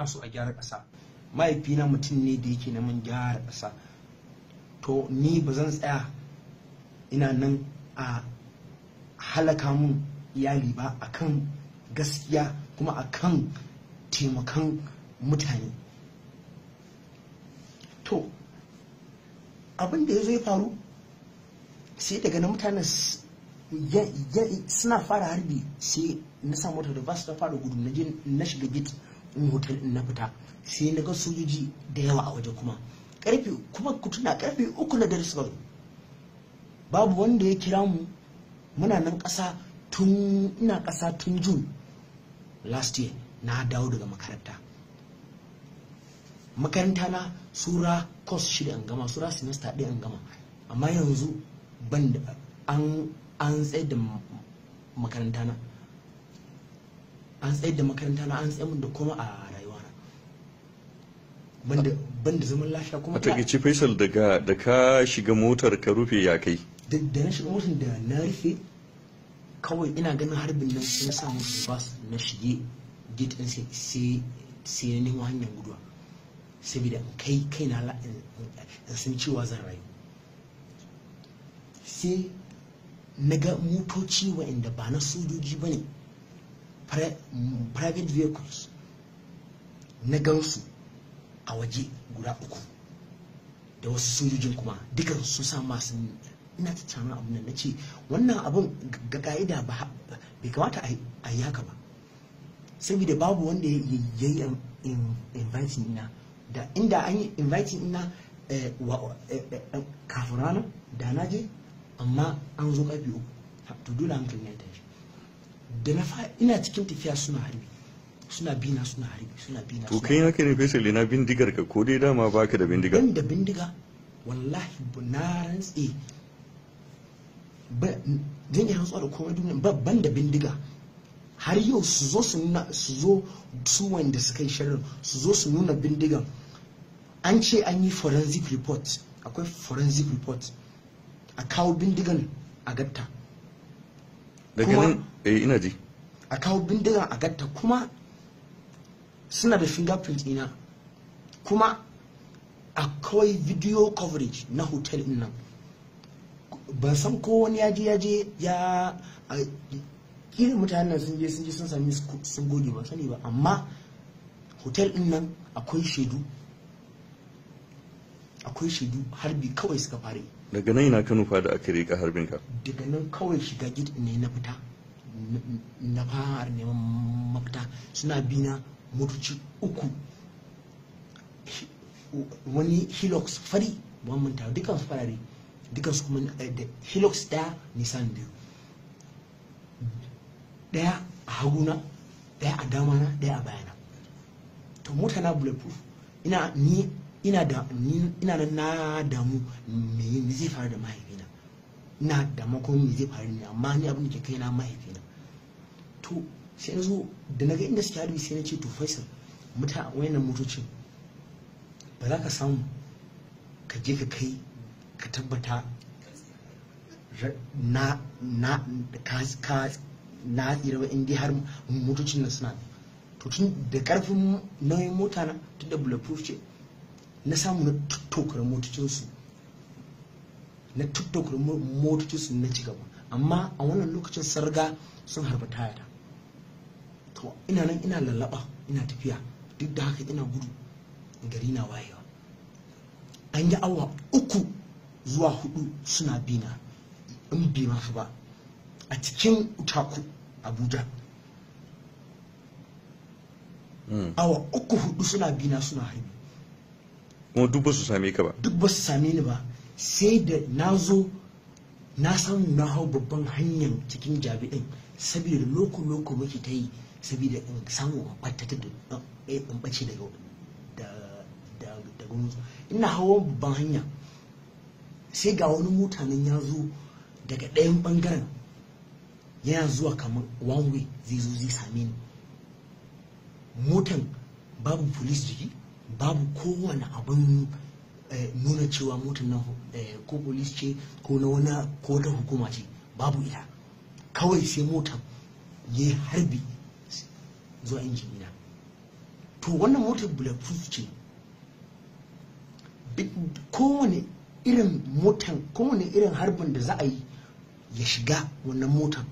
ina so a gyara ƙasa mahaifina mutum ne da yake neman gyara ƙasa to ni ba zan tsaya ina nan a halaka mun iyali ba akan gaskiya kuma akan taimakon mutane to abin da ya zo faru sai daga na mutane suna fara harbi sai na samu ba da ta fara gudu na shiga git. in hotel din na fita sai na ga sojoji da yawa a waje kuma karfe kuma kutuna karfe uku na dare suka babu wanda ya kira mu muna nan ƙasa tun ina ƙasa tun june last year na dawo daga makaranta makaranta na sura course shida an gama sura semester ɗaya an gama amma yanzu ban da an an tsaye da makaranta na an tsayar da makaranta na an tsaye mun da kuma a rayuwa na banda zaman lafiya kuma a takaice faisal daga da ka shiga motar ka rufe ya kai da na shiga motar da na rufe kawai ina ganin harbin nan sun sa musu bas na shige gate din sai sai na nemo hanyar guduwa saboda kai kai na la'in sun cewa zan rayu sai na ga motoci waɗanda ba na sojoji ba ne private vehicles na gansu a waje guda uku da wasu sojojin kuma dukkan sun sa masu ina ta tsaron abin nan na ce wannan abun ga ka'ida bai kamata a yi haka ba saboda babu wanda ya yi inviting ina da inda an yi inviting ina eh, eh, eh, kafin rana da na je amma an zo ƙarfi uku to dole an hankali ta tashi da na fa ina cikin tafiya suna harbi suna bina suna harbi suna bina to kai haka ne fesal ina bindigar ka ko dai dama baka da bindiga ban da bindiga wallahi na rantse zan iya rantsuwa da komai duniya ban da bindiga har yau su zo su nuna su zo su wanda suka yi sharrin su zo su nuna bindigan an ce an yi forensic report akwai forensic report a kawo bindigan a gatta daga nan eh ina ji a kawo bindigan a gatta kuma suna da fingerprint ina kuma akwai video coverage na hotel din nan ban san ko wani ya je ya je ya irin mutanen sun je sun je sun sami sun goge ba sani ba amma hotel din nan akwai shaidu akwai shaidu harbi kawai suka fara daga nan ina kano da aka rika harbin ka daga nan kawai shiga gid ne na fita na fahar neman mafita suna bina motoci uku wani hilux fari ban manta dukkan su farare su kuma eh, da hilux daya nisan biyu daya a haguna daya a damana daya a bayana to mota na bulletproof ina ni ina da ina nan na damu me zai faru da mahaifina na da ko me zai faru ne amma ni abin da ke kai na mahaifina to sai yanzu da naga ga inda suke harbi sai na ce to faisal muta wayannan motocin ba za ka samu ka je ka kai ka tabbata na na ka na tsira ba in har motocin nan suna to tun da karfin nauyin mota na tun da bulletproof ce na samu na tuttokar motocinsu na tuttokar motocinsu na ci gaba amma a wannan lokacin sarga sun harba tayata to ina nan ina lallaba ina tafiya duk da haka ina gudu gari na wayewa an yi awa uku zuwa hudu suna bina in bi masu ba a cikin utaku abuja hmm. awa uku hudu suna bina suna harbi kuma duk ba su same ka ba duk ba su same ni ba sai da na zo na samu na hau babban hanyar cikin jami'in saboda loko loko muke ta yi saboda in samu a kwatata da eh, in da daga daga ina hawa babban hanya sai ga wani mutanen ya zo daga ɗayan ɓangaren yana zuwa kamar one way zai zo zai same ni motan babu police jiki babu kowane abin eh, nuna cewa motar na eh, ko polis ce ko na wani ko hukuma ce babu ita kawai sai motar ya harbi zuwa injinina to wannan motar bulletproof ce kowane irin motar kowane irin harbin da za a yi ya shiga wannan motar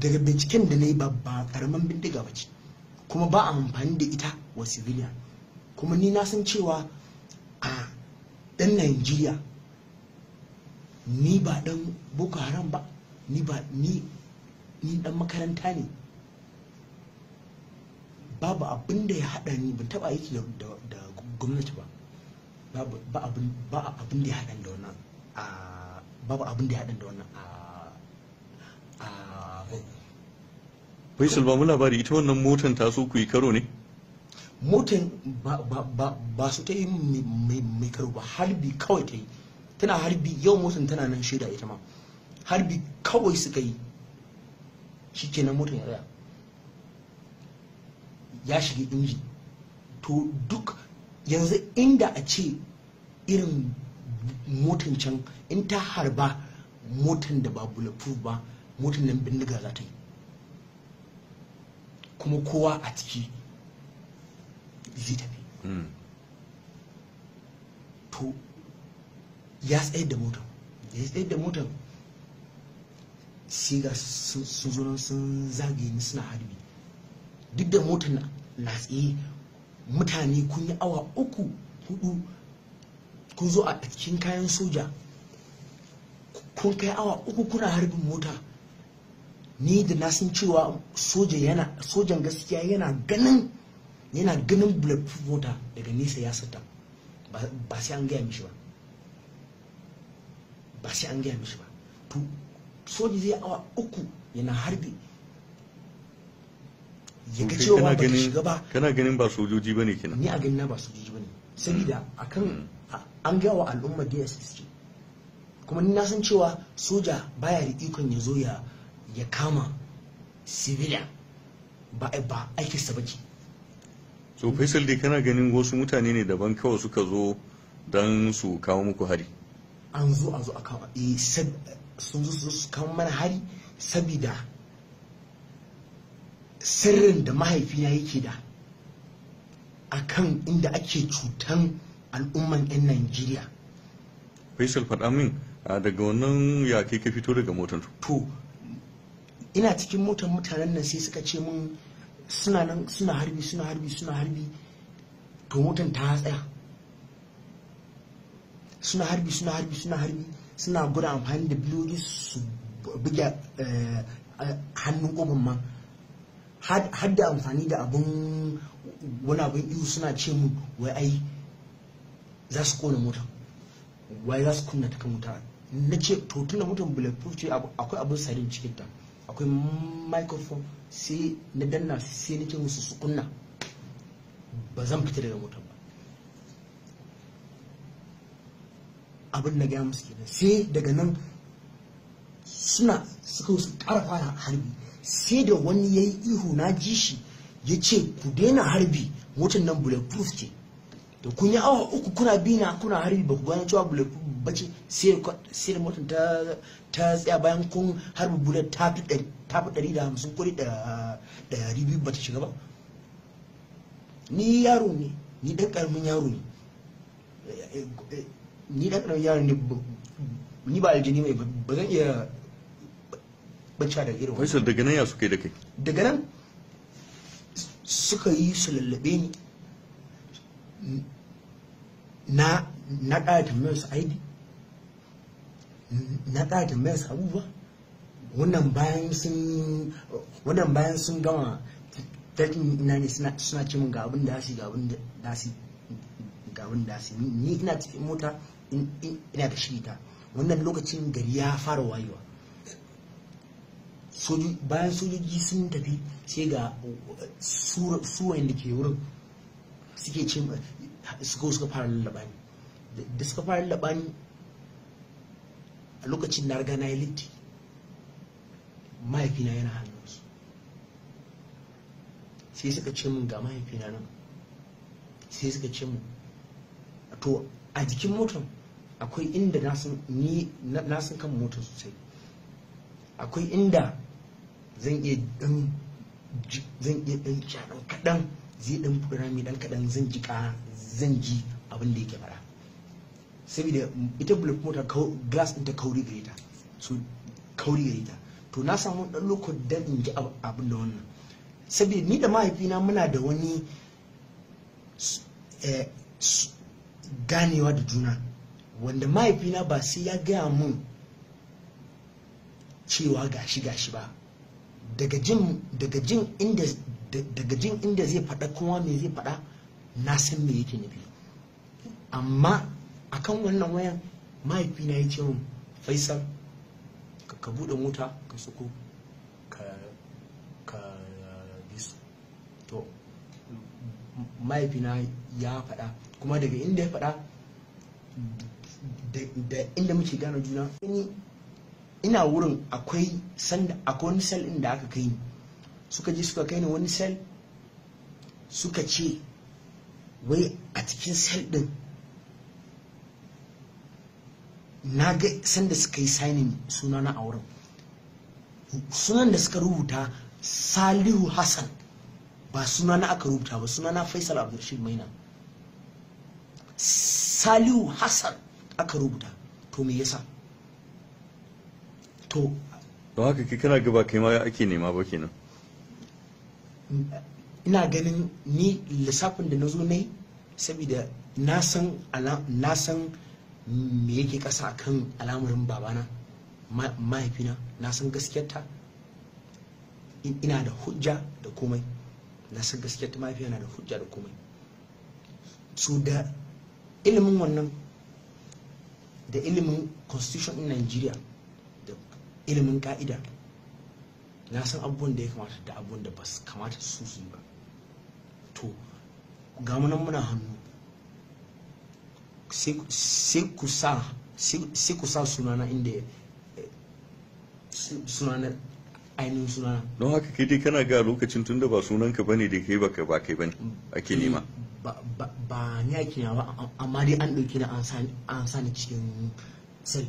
daga binciken da na yi ba karamin bindiga ba ce kuma ba a amfani da ita wa civilian kuma ni na san cewa a ɗan nigeria ni ba ɗan boko haram ba ni ba ni ni ɗan makaranta ne babu abin da ya haɗa ni ban taɓa aiki da gwamnati ba babu abin da ya haɗa da wannan babu abin da ya haɗa da wannan a faisal ba mu labari ita wannan motan ta so ku yi karo ne motan ba su ta yi mai karo ba harbi kawai ta yi tana harbi yau motan tana nan shaida ita ma harbi kawai suka yi shi nan motan ya ya shiga inji to duk yanzu inda a ce irin motan can in ta harba motan da ba bulletproof ba motan nan bindiga za ta yi kuma kowa a ciki zai tafi hmm. to ya tsayar da motar ya tsayar da motar sai ga sun zo sun zagaye ni suna harbi duk da motar na tsaye mutane kun yi awa uku hudu kun zo a cikin kayan soja kun kai awa uku kuna harbin mota ni da na san cewa soja yana sojan gaskiya yana ganin yana ganin bulletproof mota daga nesa ya sata ba sai an gaya mishi ba ba sai an gaya mishi ba to soja zai awa uku yana harbi ya ga cewa ba ka shiga ba kana ganin ba sojoji bane kina ni a ganin ba sojoji bane saboda mm. akan mm. an gaya wa al'umma DSS ce kuma ni na san cewa soja baya da ikon ya zo ya ya kama civilian ba ba aikinsa ba ke faisal dai kana ganin wasu mutane ne daban kawai suka zo don su kawo muku hari an zo a zo a kawo eh, sun zo su kawo mana hari sabida sirrin da mahaifina yake da akan inda ake cutan al'umman 'yan najeriya faisal faɗa min daga wannan ya kai ka fito daga motar to ina cikin motar mutanen nan sai suka ce mun suna nan suna harbi suna harbi suna harbi to motar ta tsaya suna harbi suna harbi suna harbi suna gura amfani da bilogi su buga eh, eh, hannun kofin ma har da amfani da abun wani abin ihu suna ce mu wai ai za su kona mota wai za su kunna ta kan wuta na ce to tunda mutum bulletproof ce akwai abun sarin cikin ta akwai microphone sai na danna sai nake musu su kunna ba zan fita daga motar ba abin na gaya musu kenan sai daga nan suna suka su ƙara fara harbi sai da wani ya yi ihu na ji shi ya ce ku daina harbi motar nan bulletproof ce to kun yi awa uku kuna bina kuna hari ba ku gane cewa bulletproof ba ce sai da motar ta tsaya bayan kun harbi bullet ta fi ɗari da hamsin kuri da ɗari biyu ba ta shiga ba ni yaro ne ni ɗan ƙaramin yaro ne ni ɗan ƙaramin yaro ne ni ba aljini mai ba zan iya bacci da irin wani. daga nan ya suka yi da kai? daga nan suka yi su lallabe ni na na ƙara tambayar su aidi na ƙara mai su abubuwa wannan bayan sun wannan bayan sun gama tattalin ina ne suna ce min ga abin da su ga abin da su ga abin da su ni ina cikin mota ina da shi ta wannan lokacin gari ya fara wayewa bayan sojoji sun tafi sai ga su da ke wurin suke ce suka suka fara lallabani da suka fara lallabani a lokacin na riga na yi litti mahaifina yana hannunsu sai suka ce min ga mahaifina nan sai suka ce min to a jikin motar akwai inda na kan motar sosai akwai inda zan iya dan kaɗan zai dan rami dan kadan zan ji ka zan ji abin da yake fara saboda ita bullet mota glass ɗinta kauri gare ta so kauri gare ta to na samu dan lokacin dan in ji abin da wannan saboda ni da mahaifina muna da wani eh, ganewa da juna wanda mahaifina ba sai ya gaya mun cewa gashi gashi ba daga jin inda daga jin inda zai faɗa kuma mai zai faɗa na san me yake nufi amma akan wannan wayan mahaifina ya ce min faisal ka buɗe mota ka suko ka bisu to mahaifina ya faɗa kuma daga inda ya faɗa da inda muke gane juna ina wurin akwai sanda akwai wani sal da aka kai ni suka ji suka kai ni wani sel suka ce wai a cikin sel din na ga sanda suka yi signing suna na auren sunan da suka rubuta salihu hassan ba suna na aka rubuta ba suna na faisal abdulrashid maina salihu hassan aka rubuta to me yasa to haka kana gaba kai ma ake nema ba kenan ina ganin ni lissafin da na zo ne saboda na san me yake kasa kan al'amarin babana mahaifina na san gaskiyarta ina da hujja da komai na san gaskiyarta mahaifina na da hujja da komai su da ilimin wannan da ilimin constitution in nigeria da ilimin ka'ida na san abubuwan da ya kamata da abubuwan da ba su kamata su su ba to ga nan muna hannu sai ku sa sunana inda eh, sunana ainihin sunana don haka kai dai kana ga lokacin tun da ba ka bane da kai baka ba kai bane ake mm, nema ba ni ake nema ba amma dai an ɗauki na an sani cikin sai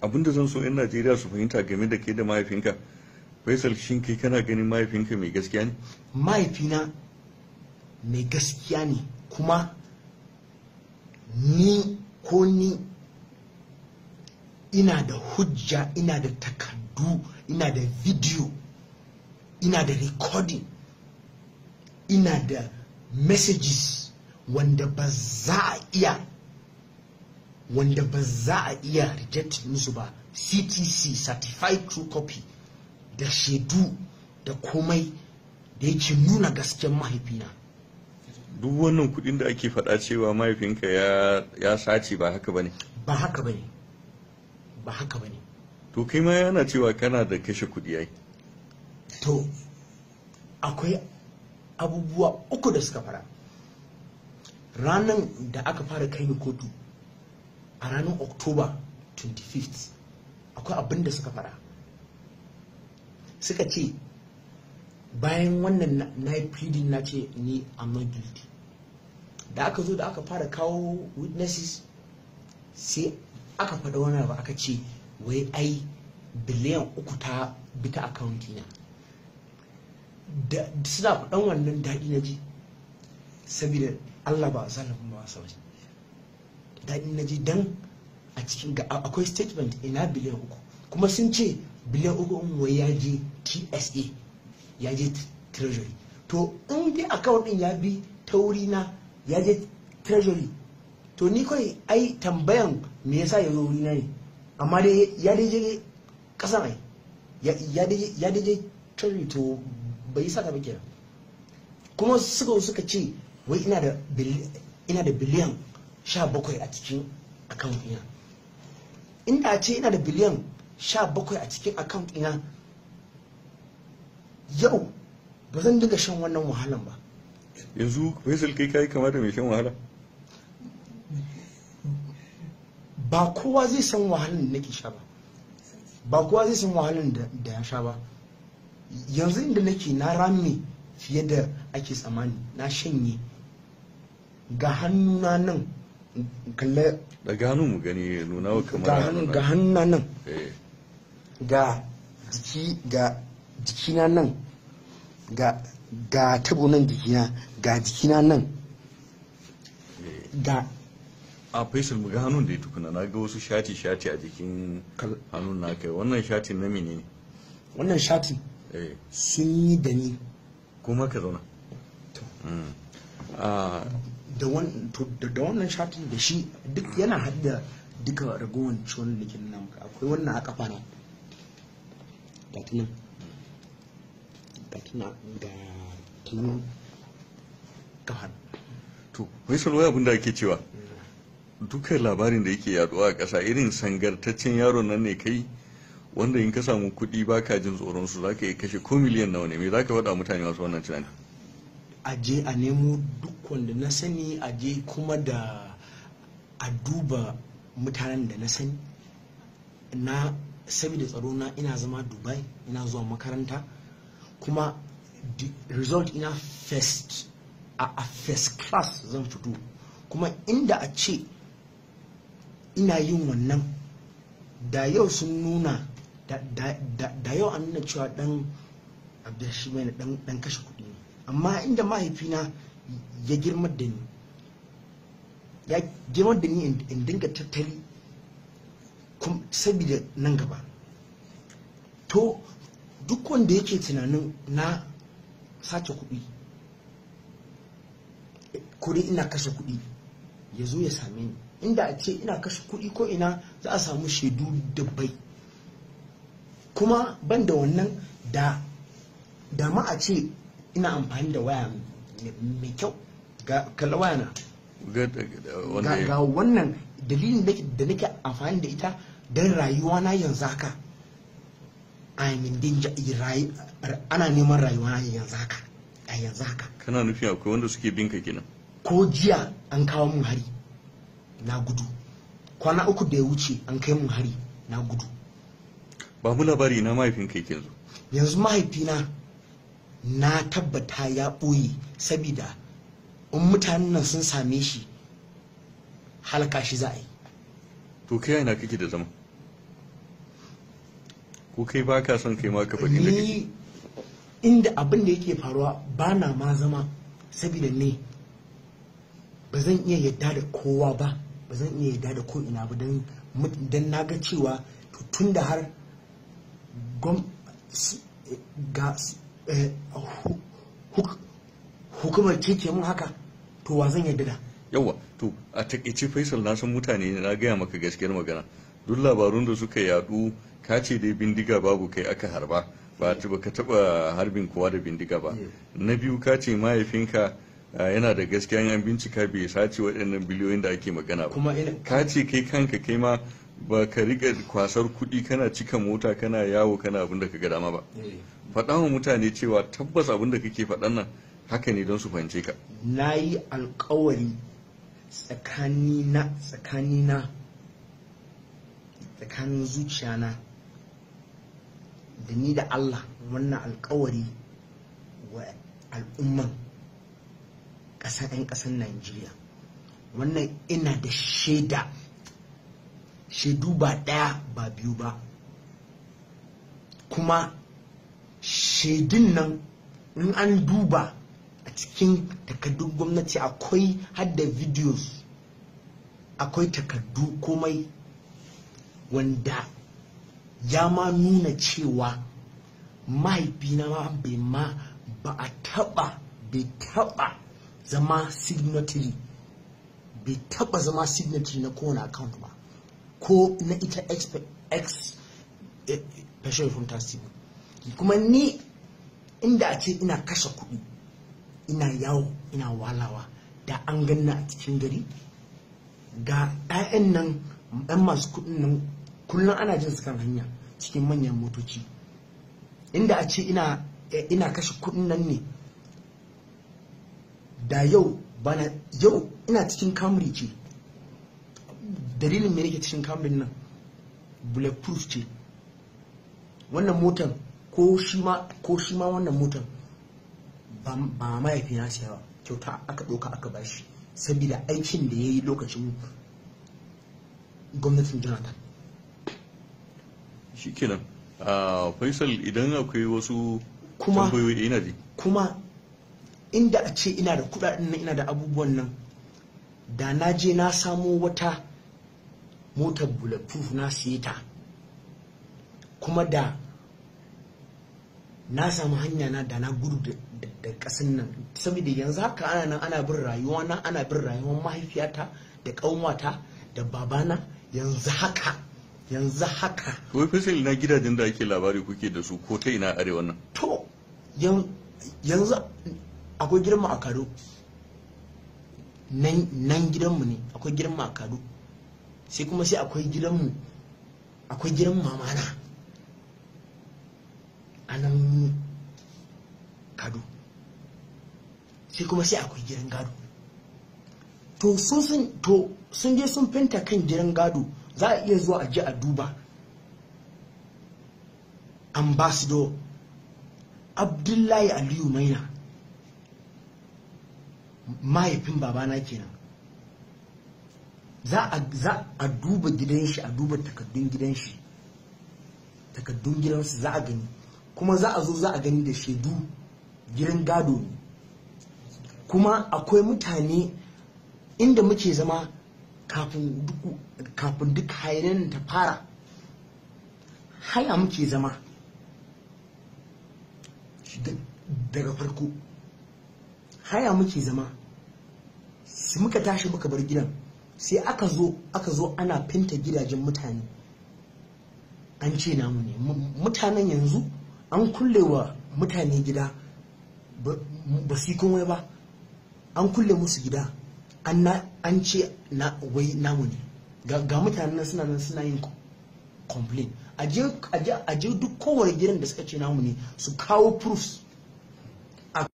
abinda zan so 'yan najeriya su fahimta game da ke da mahaifinka faisal shin kai kana ganin mahaifinka mai gaskiya ne mahaifina mai gaskiya ne kuma ni ko ni ina da hujja ina da takardu ina da video ina da recording ina da messages wanda ba za a iya wanda ba za a iya reject musu ba ctc certified true copy da shaidu da komai da yake nuna gasken mahaifina duk wannan kudin da ake faɗa cewa mahaifinka ya sace ba haka bane ba haka bane ba haka bane to kai ma yana cewa kana da kashe kudi ai to akwai abubuwa uku da suka fara ranar da aka fara kai ni kotu a ranar oktoba 25 akwai abin da suka fara suka ce bayan wannan na yi pleading na ce ni i'm not da aka zo da aka fara kawo witnesses sai aka faɗa wani abu aka ce wai ai biliyan uku ta bita akawunti na suna faɗan wannan daɗi na ji saboda allah ba zalafin ba wasa wajen daɗi na ji don a cikin ga akwai statement ina biliyan uku kuma sun ce biliyan uku in wai ya je tsa ya je treasury to in dai account din ya bi ta na ya je treasury to ni kai ai tambayan me yasa ya zo wuri na ne amma dai ya dai je kasa mai ya dai je treasury to bai sa ta ba kuma suka suka ce wai ina da biliyan sha bakwai a cikin account ina inda ce ina da biliyan sha bakwai a cikin account ɗina yau ba zan dinga shan wannan wahalan ba yanzu faisal kai kai kama da mai shan wahala ba kowa zai san wahalan da nake sha ba ba kowa zai san wahalan da ya sha ba yanzu inda nake na rame fiye da ake tsammani na shanye ga hannuna nan kalle da gano mu gani nuna wa kamar ga hannuna nan eh. ga jiki ga jikina nan ga ga tabo nan jikina ga jikina nan ga a faisal mu ga hannun da ya tukuna na ga wasu shati shati a jikin hannun na kai wannan shati na mene ne wannan shati eh. sun yi da ni kuma ka zauna mm. ah, da wannan shati da shi duk yana hadda duka ragowar ciwon ke nan akwai wannan a kafa na ga ta mai salo abin da ake cewa duka labarin da yake yaduwa a kasa irin sangartaccen yaro nan ne kai wanda in ka samu kuɗi ba ka jin tsoron su za ka iya kashe ko miliyan nawa ne me za ka faɗa mutane masu wannan tunani a je a nemo duk wanda na sani a je kuma da a duba mutanen da na sani na saboda tsaro na ina zama dubai ina zuwa makaranta kuma result ina first a a first class zan fito kuma inda a ce ina yin wannan da yau sun nuna da yau an nuna cewa dan abdashi mai dan kashe kudi ne amma inda mahaifina ya girma da ni ya girma da ni in dinga tattali saboda nan gaba to duk wanda yake tunanin na sace kuɗi kuri ina kashe kuɗi ya zo ya same ni inda a ce ina kashe kuɗi ko ina za a samu shaidu dabbai kuma ban da wannan da da ma a ce ina amfani da waya mai kyau ga kalla waya na ga wannan dalilin da nake amfani da ita don rayuwa na yanzu haka I'm in danger ana neman rayuwa na yanzu haka a yanzu haka kana nufi akwai wanda suke bin ka kenan ko jiya an kawo mun hari na gudu kwana uku da ya wuce an kai mun hari na gudu ba mu labari na mahaifin kai yanzu yanzu mahaifina na tabbata ya ɓoye sabida in mutanen nan sun same shi halka shi za a yi to kai yana kake da zama ko kai ba ka son kai ma ka faɗi da kake inda abin da yake faruwa ba na ma zama saboda ne ba zan iya yadda da kowa ba ba zan iya yadda da ko ina ba don na ga cewa tun da har ga eh, hukumar ke mun haka to wa zan yadda da yawa to a takaice faisal na san mutane na gaya maka gaskiyar magana duk labarun da suka yadu kace ce dai bindiga babu kai aka harba ba ta baka taba harbin kowa da bindiga ba na biyu ka mahaifinka yana da gaskiya yan bincika bai sace waɗannan biliyoyin da ake magana ba ka ce kai kanka kai ma ba ka riƙa kwasar kuɗi kana cika mota kana yawo kana abin da ka ga dama ba eh. faɗa wa mutane cewa tabbas abin da kake faɗan nan haka ne don su fahimce ka na yi alkawari tsakanina tsakanina tsakanin zuciyana da ni da Allah wannan alkawari wa al'umman ƙasa 'yan ƙasar Najeriya wannan ina da shaida shaidu ba ɗaya ba biyu ba kuma shaidun nan in an duba a cikin takardun gwamnati akwai hadda videos akwai takardu komai wanda ya ma nuna cewa mahaifina ma bai ma ba a taba bai taba zama signatory bai taba zama signatory na kowane account ba ko na ita ex eh, fashion fantastic kuma ni inda a ce ina kashe kuɗi ina yawo ina walawa da an ganna a cikin gari ga 'ya'yan nan 'yan masu kuɗin nan kullum ana jin su kan hanya cikin manyan motoci inda a ce ina eh, kashe kuɗin nan ne da yau bana yau ina cikin kamri ce dalilin me nake cikin kamri nan bulletproof ce wannan motan ko shi ma wannan motan ba mahaifina sai ba kyauta aka ɗauka aka ba shi saboda aikin da ya yi lokacin gwamnatin jonathan shi kenan ah, faisal idan akwai wasu tambayoyi eh, ina ji kuma inda a ce ina da kudaden nan ina da abubuwan nan da na je na samo wata motar bulletproof na siyeta ta kuma da na samu hanya na da na gudu da kasin nan saboda yanzu haka ana nan ana bin rayuwa na ana bin rayuwar mahaifiyata da ƙanwata da babana yanzu haka yanzu haka wai fasil na gidajen da ake labari kuke da su ko ta ina arewa nan to yanzu akwai girma a kado nan gidanmu ne akwai girma a kado sai kuma sai akwai gidanmu akwai mamana a nan kado sai kuma sai akwai gidan gado to sun to sun je sun fenta kan gidan gado za a iya zuwa a je a duba ambassador abdullahi aliyu maina mahaifin babana kenan za a duba gidan shi a duba takaddun gidan shi takaddun gidansu za a gani kuma za a zo za a gani da shaidu gidan gado ne kuma akwai mutane inda muke zama kafin duk hainan ta fara haya muke zama daga farko haya muke zama su muka tashi muka bar gidan sai aka zo aka zo ana finta gidajen mutane an ce namu ne mutanen yanzu an kulle wa mutane gida ba su komai ba an kulle musu gida an ce wai namu ne ga mutanen suna nan suna yin complain aje duk kowane gidan da suka ce namuni su kawo proofs